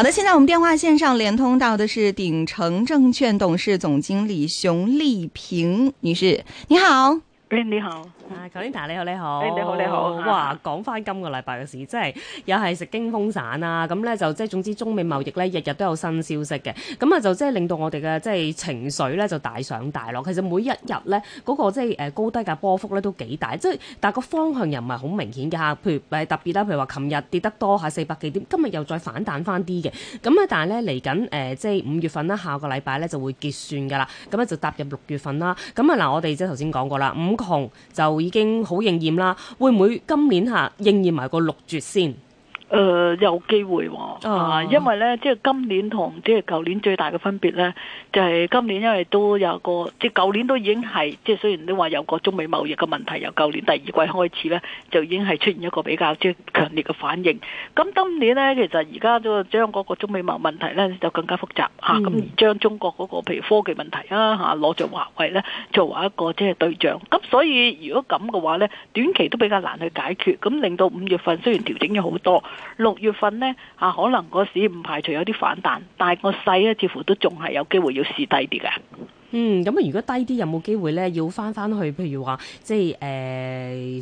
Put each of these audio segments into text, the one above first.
好的，現在我們電話線上連通到的是鼎成證券董事總經理熊麗萍女士，你好。你好，啊 c a 你好你好，誒你好你好，你好你好哇講翻今個禮拜嘅事，即係又係食驚風散啊，咁咧就即係總之中美貿易咧日日都有新消息嘅，咁啊就即係令到我哋嘅即係情緒咧就大上大落，其實每一日咧嗰個即係誒高低價波幅咧都幾大，即係但係個方向又唔係好明顯嘅吓，譬如特別啦，譬如話琴日跌得多下四百幾點，今日又再反彈翻啲嘅，咁咧但係咧嚟緊誒即係五月份啦，下個禮拜咧就會結算噶啦，咁咧就踏入六月份啦，咁啊嗱我哋即係頭先講過啦五。紅就已經好應驗啦，會唔會今年吓應驗埋個六絕先？誒、呃、有機會喎，啊，啊因為咧，即係今年同即係舊年最大嘅分別咧，就係、係、今年因為都有個，即係舊年都已經係，即係雖然都話有個中美貿易嘅問題，由舊年第二季開始咧，就已經係出現一個比較即強烈嘅反應。咁今年咧，其實而家都將嗰個中美貿易問題咧，就更加複雜嚇。咁、啊、將中國嗰、嗰個譬如科技問題啊嚇攞住華為呢，咧做一個即係對象。咁所以如果咁嘅話咧，短期都比較難去解決。咁令到五月份雖然調整咗好多。六月份呢，啊，可能個市唔排除有啲反彈，但係個細咧，似乎都仲係有機會要試低啲嘅。嗯，咁啊，如果低啲有冇機會呢？要翻翻去，譬如話即係誒、呃、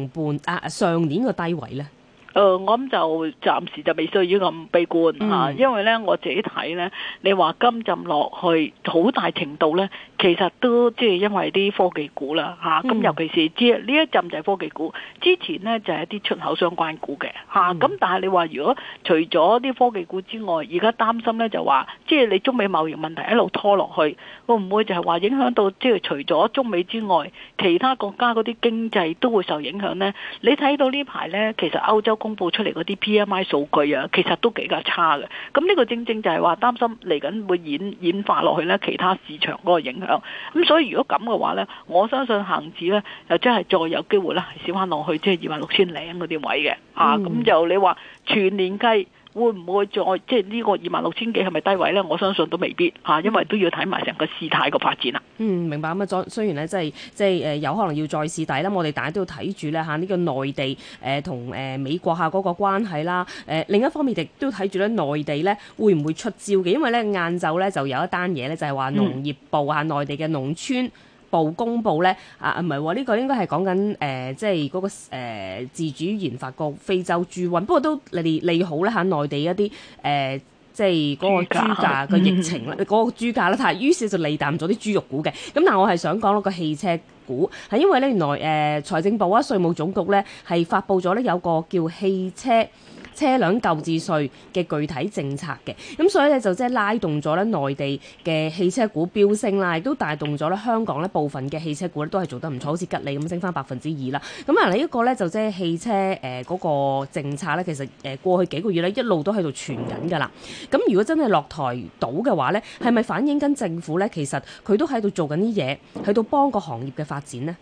上半啊上年個低位呢？誒、呃，我諗就暫時就未需要咁悲觀、嗯啊、因為咧我自己睇咧，你話今浸落去好大程度咧，其實都即係因為啲科技股啦咁、啊嗯嗯、尤其是呢一浸就係科技股，之前呢就係一啲出口相關股嘅咁、啊、但係你話如果除咗啲科技股之外，而家擔心咧就話，即、就、係、是、你中美貿易問題一路拖落去，會唔會就係話影響到即係、就是、除咗中美之外，其他國家嗰啲經濟都會受影響呢？你睇到呢排咧，其實歐洲，公布出嚟嗰啲 PMI 數據啊，其實都比較差嘅。咁呢個正正就係話擔心嚟緊會演演化落去咧，其他市場嗰個影響，咁所以如果咁嘅話呢，我相信恒指呢，又真係再有機會咧，係少翻落去即係二萬六千零嗰啲位嘅，嗯、啊，咁就你話全年計。會唔會再即係呢個二萬六千幾係咪低位呢？我相信都未必，因為都要睇埋成個事態個發展啦。嗯，明白咁啊！再雖然呢、即係，即係即係有可能要再試底啦。我哋大家都要睇住咧吓呢個內地同美國下嗰個關係啦。另一方面亦都睇住咧內地呢會唔會出招嘅？因為呢晏晝呢，就有一單嘢呢，就係話農業部下、嗯、內地嘅農村。部公布呢，啊，唔係喎，呢、呢個應該係講緊誒，即係嗰、嗰個、呃、自主研發個非洲豬瘟，不過都利利好呢，嚇內地一啲誒、呃，即係嗰個豬價嘅疫情啦，嗰個豬價咧，嗯、於是就利淡咗啲豬肉股嘅。咁但係我係想講落個汽車股，係因為呢，原來、呃、財政部啊、稅務總局呢，係發布咗呢，有個叫汽車。車輛購置稅嘅具體政策嘅，咁所以咧就即係拉動咗咧內地嘅汽車股飆升啦，亦都帶動咗咧香港咧部分嘅汽車股咧都係做得唔錯，好似吉利咁升返百分之二啦。咁啊，呢一個咧就即係汽車誒嗰個政策咧，其實誒過去幾個月咧一路都喺度傳緊㗎啦。咁如果真係落台到嘅話咧，係咪反映緊政府咧其實佢都喺度做緊啲嘢，去到幫個行業嘅發展呢？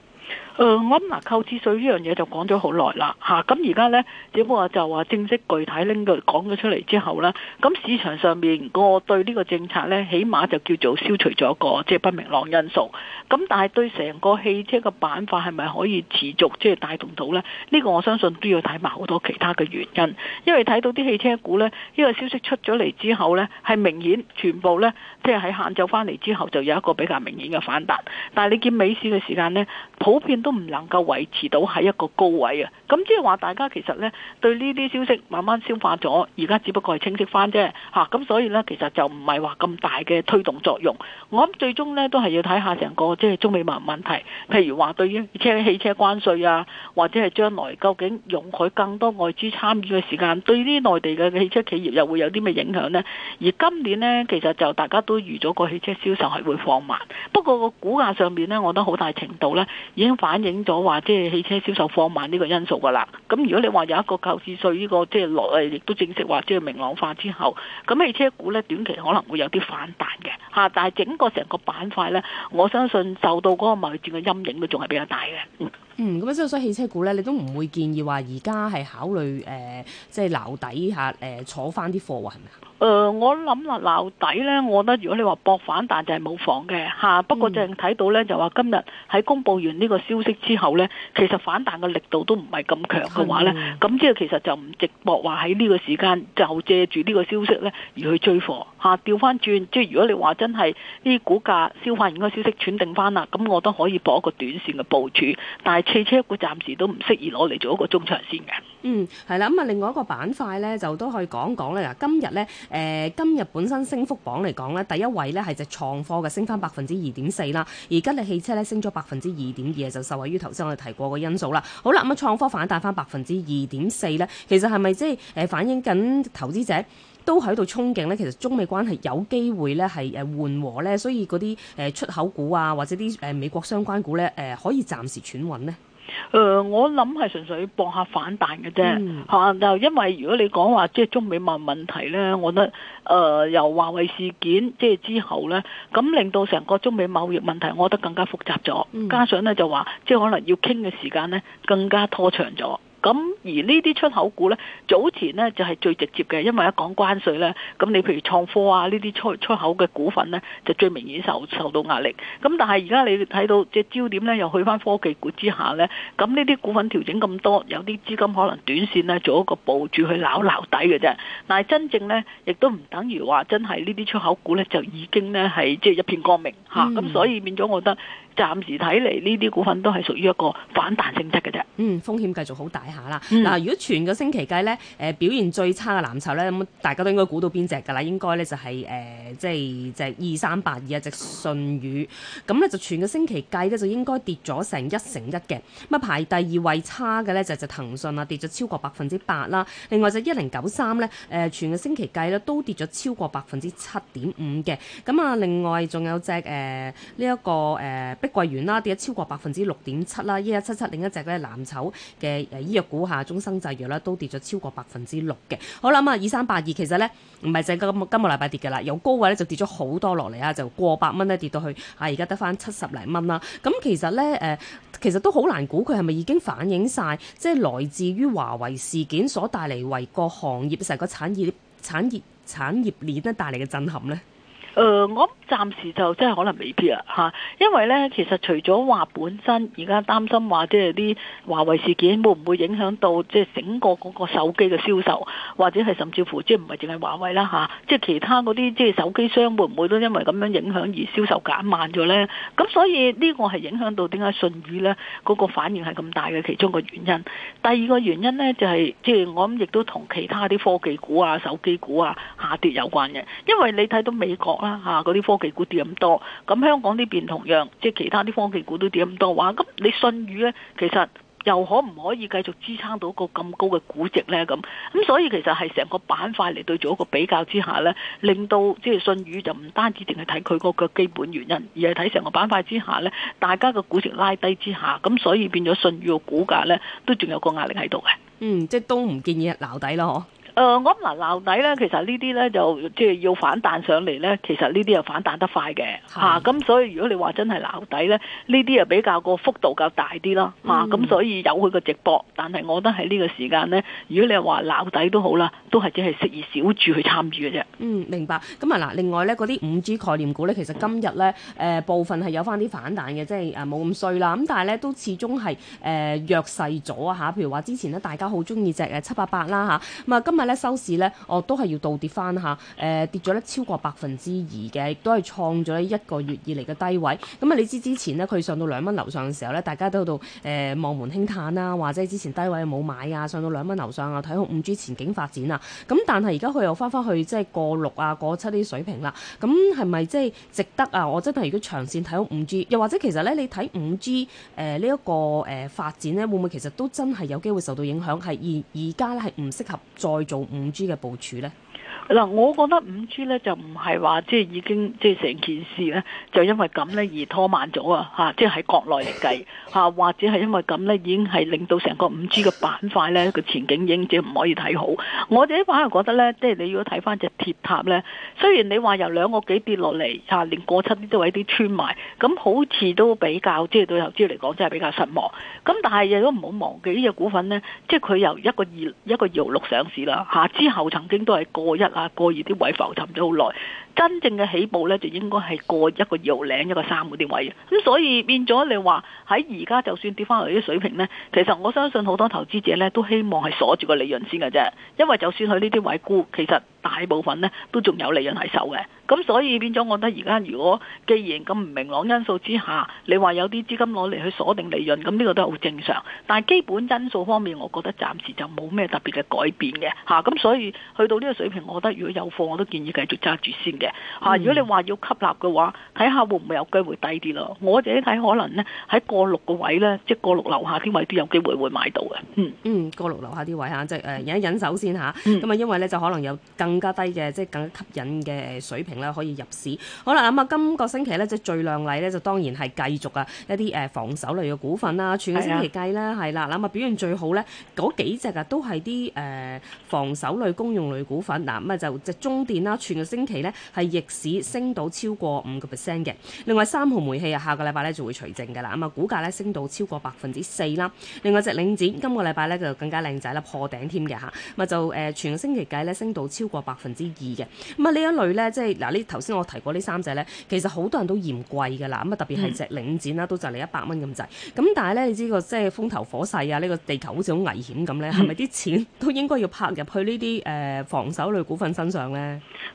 誒，我諗嗱，購置稅呢樣嘢就講咗好耐啦吓，咁而家呢，只不過就話正式具體拎個講咗出嚟之後呢，咁市場上面個對呢個政策呢，起碼就叫做消除咗個即係、就是、不明朗因素。咁但係對成個汽車嘅板塊係咪可以持續即係帶動到呢？呢、呢個我相信都要睇埋好多其他嘅原因，因為睇到啲汽車股呢，呢、呢個消息出咗嚟之後呢，係明顯全部呢，即係喺下晝翻嚟之後就有一個比較明顯嘅反彈。但係你見美市嘅時間呢，普都唔能夠維持到喺一個高位啊！咁即係話大家其實咧對呢啲消息慢慢消化咗，而家只不過係清晰翻啫吓。咁、啊、所以咧其實就唔係話咁大嘅推動作用。我諗最終咧都係要睇下成個即係、就是、中美貿易問題，譬如話對於車汽車關稅啊，或者係將來究竟容許更多外資參與嘅時間，對呢啲內地嘅汽車企業又會有啲咩影響咧？而今年咧其實就大家都預咗個汽車銷售係會放慢，不過個股價上面咧我覺得好大程度咧已經。反映咗話即係汽車銷售放慢呢個因素噶啦，咁如果你話有一個購置稅呢個即係落誒，亦都正式話即係明朗化之後，咁汽車股呢短期可能會有啲反彈嘅吓，但係整個成個板塊呢，我相信受到嗰個貿易戰嘅陰影都仲係比較大嘅。嗯嗯，咁啊，所以汽車股咧，你都唔會建議話而家係考慮誒、呃，即係撈底下，誒、呃，坐翻啲貨喎，係咪啊？誒、呃，我諗啦，撈底咧，我覺得如果你話搏反彈就係冇房嘅嚇。不過就係睇到咧，嗯、就話今日喺公佈完呢個消息之後咧，其實反彈嘅力度都唔係咁強嘅話咧，咁即係其實就唔值博話喺呢個時間就借住呢個消息咧而去追貨嚇，調翻轉。即係、就是、如果你話真係啲個股價消化完個消息定，轉定翻啦，咁我都可以搏一個短線嘅部署。但係，汽車股暫時都唔適宜攞嚟做一個中長線嘅。嗯，係啦，咁啊，另外一個板塊咧，就都可以講講咧。嗱，今日咧，誒、呃，今日本身升幅榜嚟講咧，第一位咧係隻創科嘅升翻百分之二點四啦，而吉利汽車咧升咗百分之二點二，就受惠於頭先我哋提過個因素啦。好啦，咁創科反彈翻百分之二點四咧，其實係咪即係誒反映緊投資者？都喺度憧憬呢。其實中美關係有機會咧係誒緩和咧，所以嗰啲誒出口股啊，或者啲誒美國相關股咧誒可以暫時喘穩呢。誒、呃，我諗係純粹博下反彈嘅啫嚇。就、嗯、因為如果你講話即係中美貿貿問題咧，我覺得誒、呃、由華為事件即係之後咧，咁令到成個中美貿易問題，我覺得更加複雜咗。加上咧就話即係可能要傾嘅時間咧更加拖長咗。咁而呢啲出口股呢，早前呢就係最直接嘅，因為一講關稅呢。咁你譬如創科啊呢啲出出口嘅股份呢，就最明顯受受到壓力。咁但係而家你睇到即焦點呢，又去翻科技股之下呢。咁呢啲股份調整咁多，有啲資金可能短線呢做一個部署去撈撈底嘅啫。但係真正呢，亦都唔等於話真係呢啲出口股呢，就已經呢係即係一片光明吓。咁、嗯啊、所以變咗，我覺得。暫時睇嚟呢啲股份都係屬於一個反彈性質嘅啫。嗯，風險繼續好大一下啦。嗱、嗯，如果全個星期計呢，誒、呃、表現最差嘅藍籌呢，咁大家都應該估到邊隻㗎啦？應該呢就係、是、誒、呃，即係隻二三八二隻舜宇。咁呢就全個星期計呢，就應該跌咗成一成一嘅。咁啊，排第二位差嘅呢，就就是、騰訊啊，跌咗超過百分之八啦。另外就一零九三呢，誒、呃、全個星期計呢都跌咗超過百分之七點五嘅。咁啊，另外仲有隻誒呢一個誒、呃桂圓啦，跌咗超過百分之六點七啦，一一七七另一隻咧，藍籌嘅誒，醫藥股下，中生製藥啦，都跌咗超過百分之六嘅。好啦，咁啊二三八二其實咧唔係淨係今今個禮拜跌嘅啦，有高位咧就跌咗好多落嚟啊，就過百蚊咧跌到去吓，而家得翻七十零蚊啦。咁其實咧誒，其實都好難估佢係咪已經反映晒，即係來自於華為事件所帶嚟為各行業成個產業產業產業鏈咧帶嚟嘅震撼咧。誒、呃，我諗暫時就真係可能未必啦、啊、因為咧其實除咗話本身而家擔心話即係啲華為事件會唔會影響到即係整個嗰個手機嘅銷售，或者係甚至乎即係唔係淨係華為啦吓，即、啊、係、就是、其他嗰啲即係手機商會唔會都因為咁樣影響而銷售減慢咗咧？咁所以呢個係影響到點解舜宇咧嗰個反應係咁大嘅其中個原因。第二個原因呢，就係即係我諗亦都同其他啲科技股啊、手機股啊下跌有關嘅，因為你睇到美國啦嗰啲科技股跌咁多，咁香港呢邊同樣，即係其他啲科技股都跌咁多，哇、啊！咁你信譽呢，其實又可唔可以繼續支撐到一個咁高嘅估值呢？咁咁所以其實係成個板塊嚟對做一個比較之下呢，令到即係信譽就唔單止淨係睇佢個嘅基本原因，而係睇成個板塊之下呢，大家嘅估值拉低之下，咁所以變咗信譽個股價呢，都仲有個壓力喺度嘅。嗯，即係都唔建議撈底咯，誒、呃，我諗嗱，鬧底咧，其實呢啲咧就即係要反彈上嚟咧，其實呢啲又反彈得快嘅嚇，咁的、啊、所以如果你話真係鬧底咧，呢啲又比較個幅度較大啲啦，嚇、嗯，咁、啊、所以有佢個直播，但係我覺得喺呢個時間咧，如果你話鬧底都好啦，都係只係適宜少注去參與嘅啫。嗯，明白。咁啊嗱，另外咧嗰啲五 G 概念股咧，其實今日咧誒部分係有翻啲反彈嘅，即係誒冇咁衰啦，咁但係咧都始終係誒弱勢咗啊嚇。譬如話之前咧，大家好中意隻誒七八八啦嚇，咁、嗯、啊今日。收市呢，我、哦、都係要倒跌翻下。誒、呃、跌咗呢超過百分之二嘅，亦都係創咗呢一個月以嚟嘅低位。咁、嗯、啊，你知之前呢，佢上到兩蚊樓上嘅時候呢，大家都喺度誒望門興嘆啦，或者之前低位冇買啊，上到兩蚊樓上啊，睇好五 G 前景發展啊。咁、嗯、但係而家佢又翻翻去即係過六啊，過七啲水平啦。咁係咪即係值得啊？我真係如果長線睇好五 G，又或者其實呢，你睇五 G 誒呢一個誒、呃、發展呢，會唔會其實都真係有機會受到影響？係而而家呢，係唔適合再做。做五 G 嘅部署咧？嗱，我覺得五 G 咧，就唔係話即係已經即係成件事咧，就因為咁咧而拖慢咗啊！即係喺國內嚟計嚇，啊，或者係因為咁咧，已經係令到成個五 G 嘅板塊咧，個前景影，者唔可以睇好。我哋反而覺得咧，即係你如果睇翻隻鐵塔咧，雖然你話由兩個幾跌落嚟嚇，連過七啲都係啲穿埋，咁好似都比較即係對投資嚟講真係比較失望。咁但係亦都唔好忘記呢隻股份咧，即係佢由一個二一個二六上市啦吓，啊、之後曾經都係過一啊！過熱啲位浮沉咗好耐。真正嘅起步呢，就應該係過一個二零一個三嗰啲位，咁所以變咗你話喺而家就算跌翻落啲水平呢，其實我相信好多投資者呢都希望係鎖住個利潤先嘅啫，因為就算佢呢啲位沽，其實大部分呢都仲有利潤喺手嘅，咁所以變咗，我覺得而家如果既然咁唔明朗因素之下，你話有啲資金攞嚟去鎖定利潤，咁呢個都係好正常。但係基本因素方面，我覺得暫時就冇咩特別嘅改變嘅吓，咁所以去到呢個水平，我覺得如果有貨，我都建議繼續揸住先嘅。嚇！嗯、如果你話要吸納嘅話，睇下會唔會有機會低啲咯？我自己睇可能呢，喺過六個位呢，即係過六樓下啲位都有機會會買到嘅。嗯嗯，過六樓下啲位嚇，即係忍、呃、一忍手先嚇。咁啊、嗯，因為呢，就可能有更加低嘅，即係更加吸引嘅水平咧，可以入市。好啦，咁、嗯、啊，今個星期呢，即係最亮麗呢，就當然係繼續啊一啲誒防守類嘅股份啦。全個星期計呢、啊、啦，係啦。咁啊，表現最好呢，嗰幾隻啊，都係啲誒防守類公用類股份嗱。咁、呃、啊，就即係中電啦，全個星期呢。係逆市升到超過五個 percent 嘅，另外三號煤氣啊，下個禮拜咧就會除淨嘅啦。咁啊，股價咧升到超過百分之四啦。另外隻領展今個禮拜咧就更加靚仔啦，破頂添嘅嚇。咁啊就誒、呃，全星期計咧升到超過百分之二嘅。咁啊呢一類咧，即係嗱，呢頭先我提過呢三隻咧，其實好多人都嫌貴嘅啦。咁啊特別係隻領展啦，嗯、都就嚟一百蚊咁滯。咁但係咧，你知個即係風頭火勢啊，呢個地球好似好危險咁咧，係咪啲錢都應該要拍入去呢啲誒防守類股份身上咧？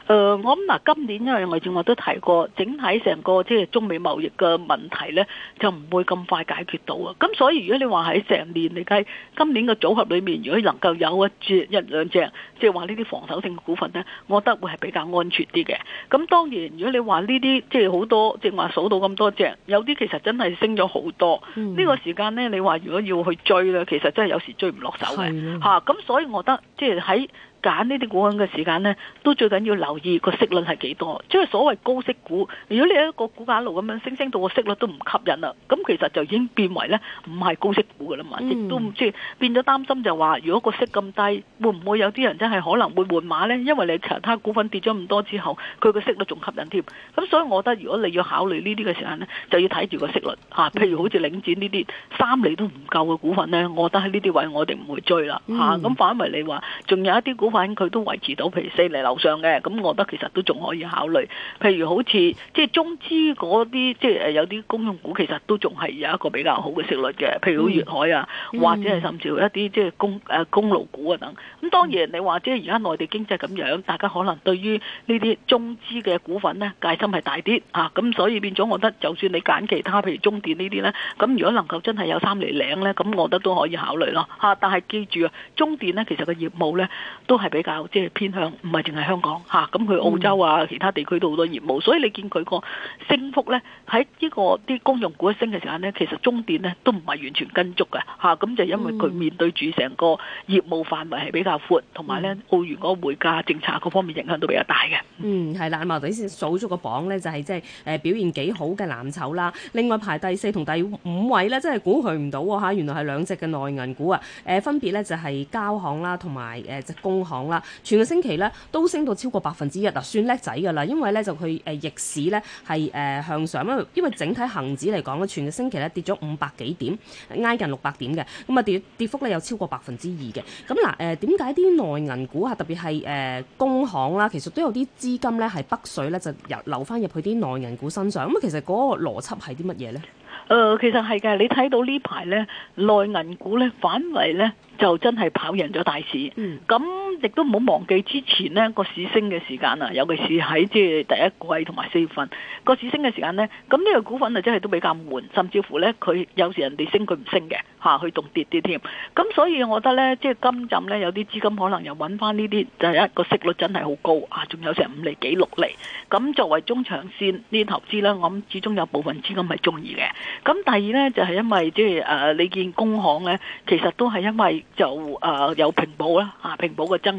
誒、呃，我唔今年因為正話我都提過，整體成個即係中美貿易嘅問題呢，就唔會咁快解決到啊。咁所以如果你話喺成年嚟計，你今年嘅組合裏面，如果能夠有一隻一兩隻，即係話呢啲防守性嘅股份呢，我覺得會係比較安全啲嘅。咁當然如果你話呢啲即係好多，即係話數到咁多隻，有啲其實真係升咗好多。呢、嗯、個時間呢，你話如果要去追呢，其實真係有時追唔落手嘅嚇。咁是、啊啊、所以我覺得即係喺揀呢啲股份嘅時間呢，都最緊要留意個息率係幾多，即係所謂高息股。如果你一個股價一路咁樣升升到個息率都唔吸引啦，咁其實就已經變為呢唔係高息股噶啦嘛，亦都即係變咗擔心就話，如果個息咁低，會唔會有啲人真係可能會換馬呢？因為你其他股份跌咗咁多之後，佢個息率仲吸引添。咁所以我覺得，如果你要考慮呢啲嘅時間呢，就要睇住個息率嚇。啊。譬如好似領展呢啲三厘都唔夠嘅股份呢，我覺得喺呢啲位我哋唔會追啦嚇。咁，啊，反為你話，仲有一啲股。佢都維持到，譬如四釐樓上嘅，咁我覺得其實都仲可以考慮。譬如好似即係中資嗰啲，即係誒有啲公用股，其實都仲係有一個比較好嘅息率嘅。譬如好似粵海啊，或者係甚至一啲即係公誒公路股啊等、等。咁當然你話即係而家內地經濟咁樣，大家可能對於呢啲中資嘅股份呢，戒心係大啲嚇。咁、啊、所以變咗，我覺得就算你揀其他，譬如中電呢啲呢，咁如果能夠真係有三厘零呢，咁我覺得都可以考慮咯嚇、啊。但係記住啊，中電呢其實個業務呢。都係。係比較即係偏向，唔係淨係香港嚇，咁、啊、佢澳洲啊，其他地區都好多業務，所以你見佢個升幅咧，喺呢個啲公用股一升嘅時間咧，其實中電咧都唔係完全跟足嘅嚇，咁、啊、就因為佢面對住成個業務範圍係比較闊，同埋咧澳元嗰個匯價政策嗰方面影響都比較大嘅。嗯，係啦，阿茂頭先數咗個榜咧，就係即係誒表現幾好嘅藍籌啦，另外排第四同第五位咧，真係估佢唔到嚇，原來係兩隻嘅內銀股啊，誒分別咧就係交行啦，同埋誒即係工行。講啦，全個星期咧都升到超過百分之一，嗱算叻仔㗎啦。因為咧就佢誒逆市咧係誒向上，因為因為整體恒指嚟講咧，全個星期咧跌咗五百幾點，挨近六百點嘅，咁啊跌跌幅咧有超過百分之二嘅。咁嗱誒，點解啲內銀股啊，特別係誒工行啦，其實都有啲資金咧係北水咧就入流翻入去啲內銀股身上？咁啊，其實嗰個邏輯係啲乜嘢咧？誒，其實係嘅，你睇到呢排咧內銀股咧反為咧就真係跑贏咗大市，咁、嗯。嗯。亦都唔好忘記之前呢個市升嘅時間啊，尤其是喺即係第一季同埋四月份個市升嘅時間呢。咁呢個股份啊真係都比較悶，甚至乎呢，佢有時人哋升佢唔升嘅嚇，佢仲跌啲添。咁所以我覺得呢，即係今陣呢，有啲資金可能又揾翻呢啲，就係一個息率真係好高啊，仲有成五厘幾六厘。咁作為中長線呢啲投資呢，我諗始終有部分資金係中意嘅。咁第二呢，就係、是、因為即係誒你見工行呢，其實都係因為就誒有平保啦啊，平保嘅增。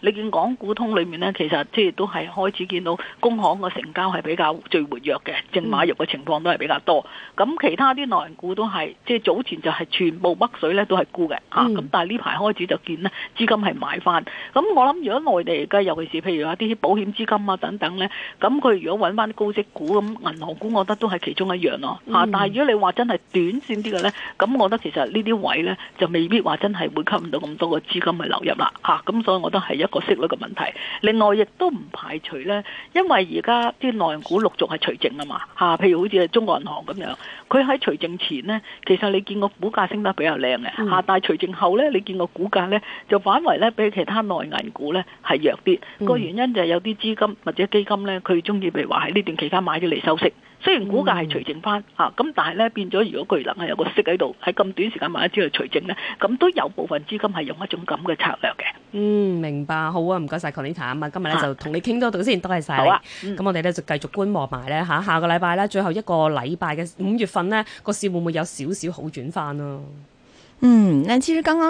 你見港股通裏面呢，其實即係都係開始見到工行個成交係比較最活躍嘅，淨買入嘅情況都係比較多。咁、嗯、其他啲內銀股都係，即、就、係、是、早前就係全部北水咧都係沽嘅、嗯、啊。咁但係呢排開始就見呢資金係買翻。咁我諗如果內地而家，尤其是譬如話啲保險資金啊等等呢，咁佢如果搵翻啲高息股咁，銀行股我覺得都係其中一樣咯吓、啊。但係如果你話真係短線啲嘅呢，咁我覺得其實呢啲位呢，就未必話真係會吸唔到咁多嘅資金去流入啦吓。咁、啊咁所以我都係一個息率嘅問題，另外亦都唔排除呢，因為而家啲內銀股陸續係除淨啊嘛嚇，譬如好似中國銀行咁樣，佢喺除淨前呢，其實你見個股價升得比較靚嘅嚇，但係除淨後呢，你見個股價呢，就反為呢，比其他內銀股呢係弱啲，個原因就係有啲資金或者基金呢，佢中意譬如話喺呢段期間買咗嚟收息。雖然股價係除淨翻嚇，咁但係咧變咗，如果巨能係有個息喺度，喺咁短時間買咗之後除淨咧，咁都有部分資金係用一種咁嘅策略嘅。嗯，明白，好啊，唔該曬，Conny Chan 啊，今日咧就同你傾多啲先，多謝曬。好啊，咁我哋咧就繼續觀望埋咧嚇，下個禮拜咧最後一個禮拜嘅五月份咧，個市會唔會有少少好轉翻咯？嗯，誒，至於剛剛。